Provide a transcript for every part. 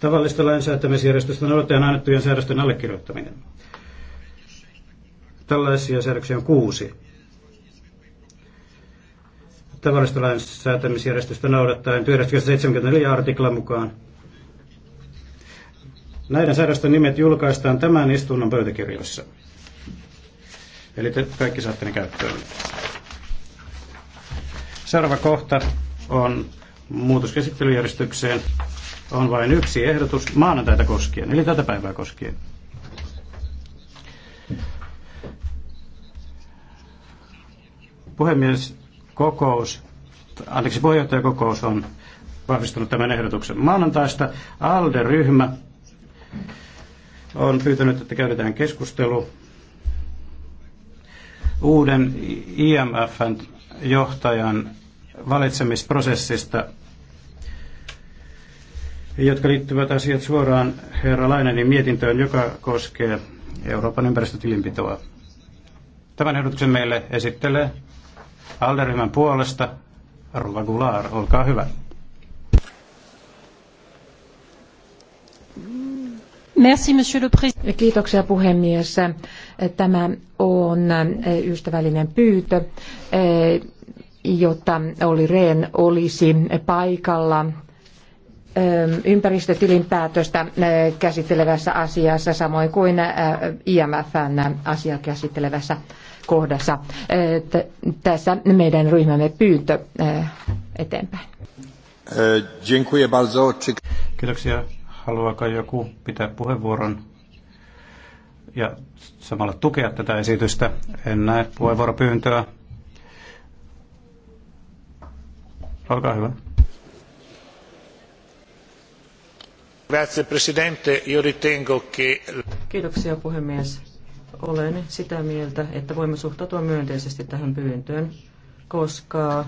tavallista lainsäätämisjärjestöstä noudattajan annettujen säädösten allekirjoittaminen. Tällaisia säädöksiä on kuusi. Tavallista lainsäätämisjärjestöstä noudattaen työjärjestöstä 74 artiklan mukaan. Näiden säädösten nimet julkaistaan tämän istunnon pöytäkirjoissa. Eli te kaikki saatte ne käyttöön. Seuraava kohta on muutoskäsittelyjärjestykseen on vain yksi ehdotus maanantaita koskien, eli tätä päivää koskien. Puhemies kokous, anteeksi puheenjohtajakokous on vahvistanut tämän ehdotuksen. Maanantaista ALDE-ryhmä on pyytänyt, että käydetään keskustelu uuden IMFn johtajan valitsemisprosessista jotka liittyvät asiat suoraan herra Lainenin mietintöön, joka koskee Euroopan ympäristötilinpitoa. Tämän ehdotuksen meille esittelee Alderyhmän puolesta Ruva Gular, olkaa hyvä. Merci, monsieur le président. Kiitoksia puhemies. Tämä on eh, ystävällinen pyyntö, eh, jotta Oli Rehn olisi paikalla ympäristötilinpäätöstä käsittelevässä asiassa, samoin kuin IMFn asiaa käsittelevässä kohdassa. Tässä meidän ryhmämme pyyntö eteenpäin. Kiitoksia. Haluaako joku pitää puheenvuoron ja samalla tukea tätä esitystä? En näe puheenvuoropyyntöä. Olkaa hyvä. Kiitoksia puhemies. Olen sitä mieltä, että voimme suhtautua myönteisesti tähän pyyntöön, koska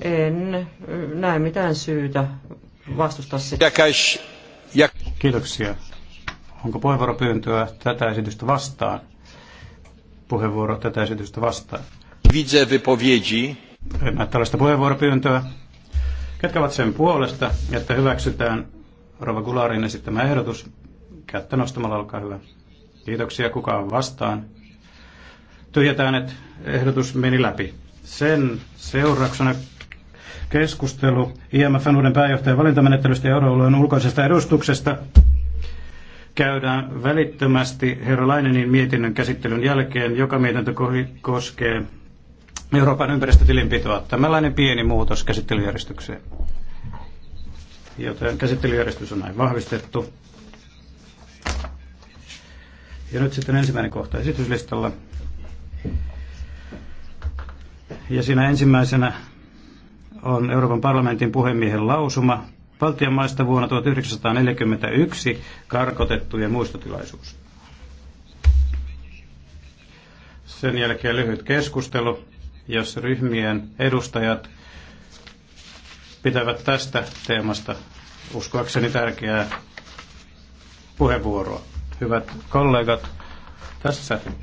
en näe mitään syytä vastustaa sitä. Kiitoksia. Onko puheenvuoropyyntöä tätä esitystä vastaan? Puheenvuoro tätä esitystä vastaan. Widzę wypowiedzi. En näe tällaista puheenvuoropyyntöä. Ketkä ovat sen puolesta, että hyväksytään Rova Gularin esittämä ehdotus. Kättä nostamalla, olkaa hyvä. Kiitoksia, on vastaan. Tyhjätään, että ehdotus meni läpi. Sen seurauksena keskustelu IMFn uuden pääjohtajan valintamenettelystä ja euroalueen ulkoisesta edustuksesta käydään välittömästi herra Lainenin mietinnön käsittelyn jälkeen, joka mietintö koskee Euroopan ympäristötilinpitoa. Tämänlainen pieni muutos käsittelyjärjestykseen joten käsittelyjärjestys on näin vahvistettu. Ja nyt sitten ensimmäinen kohta esityslistalla. Ja siinä ensimmäisenä on Euroopan parlamentin puhemiehen lausuma Baltian maista vuonna 1941 karkotettujen muistotilaisuus. Sen jälkeen lyhyt keskustelu, jossa ryhmien edustajat pitävät tästä teemasta uskoakseni tärkeää puheenvuoroa. Hyvät kollegat, tässä